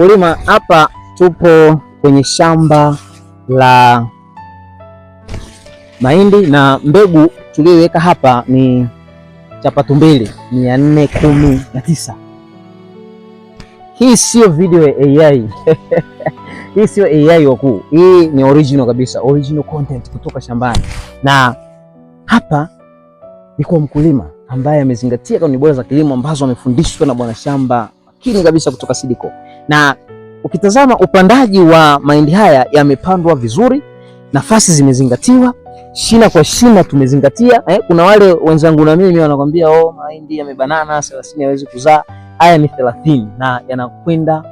Mkulima, hapa tupo kwenye shamba la mahindi na mbegu tuliyoweka hapa ni chapatu mbili mia nne kumi na tisa. Hii sio video ya AI hii sio AI wakuu, hii ni original kabisa, original content kutoka shambani. Na hapa ni kwa mkulima ambaye amezingatia kanuni bora za kilimo ambazo amefundishwa na bwana shamba makini kabisa kutoka Sidiko na ukitazama upandaji wa mahindi haya yamepandwa vizuri, nafasi zimezingatiwa, shina kwa shina tumezingatia. Eh, kuna wale wenzangu na mimi wanakwambia oh, mahindi yamebanana 30 hawezi kuzaa. Haya ni 30 na yanakwenda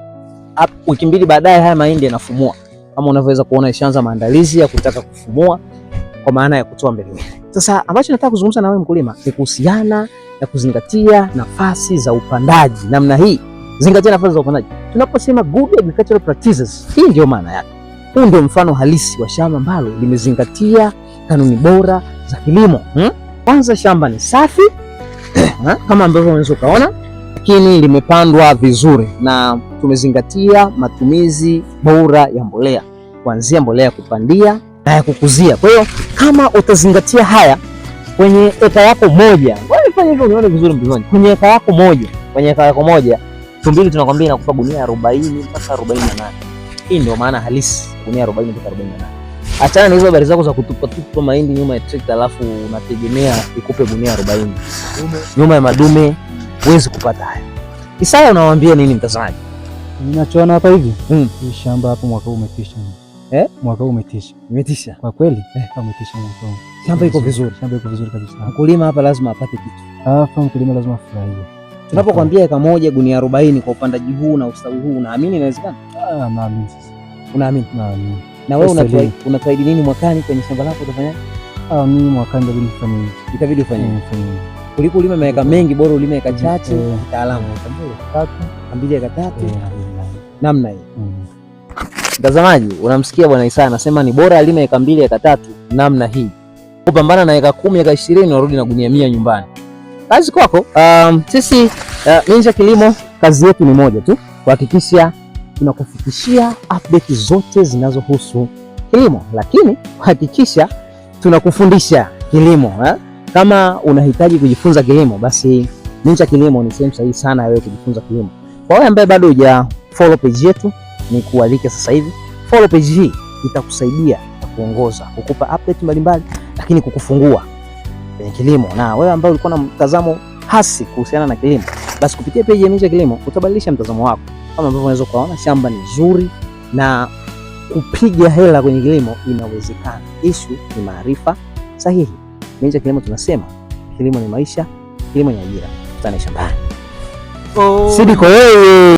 wiki mbili baadaye, haya mahindi yanafumua kama unavyoweza kuona, ishaanza maandalizi ya kutaka kufumua kwa maana ya kutoa mbegu. Sasa ambacho nataka kuzungumza na wewe mkulima ni kuhusiana na kuzingatia nafasi za upandaji namna hii zingatia nafasi za upandaji. Tunaposema good agricultural practices, hii ndio maana yake. Huu ndio mfano halisi wa shamba ambalo limezingatia kanuni bora za kilimo. hmm? Kwanza Shamba ni safi eh, kama ambavyo unaweza ukaona, lakini limepandwa vizuri na tumezingatia matumizi bora ya mbolea, kuanzia mbolea ya kupandia na ya kukuzia. Kwa hiyo kama utazingatia haya kwenye eka yako moja, wewe fanya hivyo, unaona vizuri mbioni, kwenye eka yako moja, kwenye eka yako moja elfu mbili tunakwambia inakupa gunia 40 mpaka 48. Hii ndio maana halisi gunia 40 mpaka 48. Achana na hizo habari zako za kutupa tupa mahindi nyuma ya trekta, alafu unategemea ikupe gunia 40 nyuma ya madume, huwezi kupata hayo. Isaya, unawaambia nini mtazamaji? Ninachoona hapa hivi hmm. mm. Shamba hapo mwaka huu umetisha eh? Mwaka huu umetisha, umetisha kwa kweli eh, umetisha mwaka huu. Shamba iko vizuri, shamba iko vizuri kabisa. Mkulima hapa lazima apate kitu, alafu mkulima lazima afurahie Tunapokuambia eka moja gunia 40 kwa upandaji huu na ustawi huu, unaamini inawezekana? Ah, naamini sasa. Unaamini? Naamini. Na wewe unatuahidi nini mwakani kwenye shamba lako utafanya? Ah, mimi mwakani ndio nifanye Itabidi ufanye hivi. Kuliko ulime maeka mengi, bora ulime eka chache eh. kitaalamu. Tatu, Ambili eka tatu eh, namna hiyo. Mm. Mtazamaji, unamsikia bwana Isa anasema ni bora alime eka mbili eka tatu namna hii kupambana na eka kumi eka ishirini, unarudi na gunia mia nyumbani kazi kwako. Um, sisi uh, Minja Kilimo kazi yetu ni moja tu, kuhakikisha tunakufikishia update zote zinazohusu kilimo, lakini kuhakikisha tunakufundisha kilimo eh? Kama unahitaji kujifunza kilimo, basi Minja Kilimo ni sehemu sahihi sana wewe kujifunza kilimo. Kwa wewe ambaye bado huja follow page yetu, ni kualike sasa hivi follow page hii, itakusaidia kuongoza, kukupa update mbalimbali, lakini kukufungua kwenye kilimo, na wewe ambaye ulikuwa na mtazamo hasi kuhusiana na kilimo, basi kupitia peji ya Minja ya Kilimo utabadilisha mtazamo wako. Kama ambavyo unaweza kuona shamba ni zuri na kupiga hela kwenye kilimo inawezekana. Ishu ni maarifa sahihi. Minja Kilimo tunasema kilimo ni maisha, kilimo ni ajira. Tutane shambani. Oh. kwa wewe.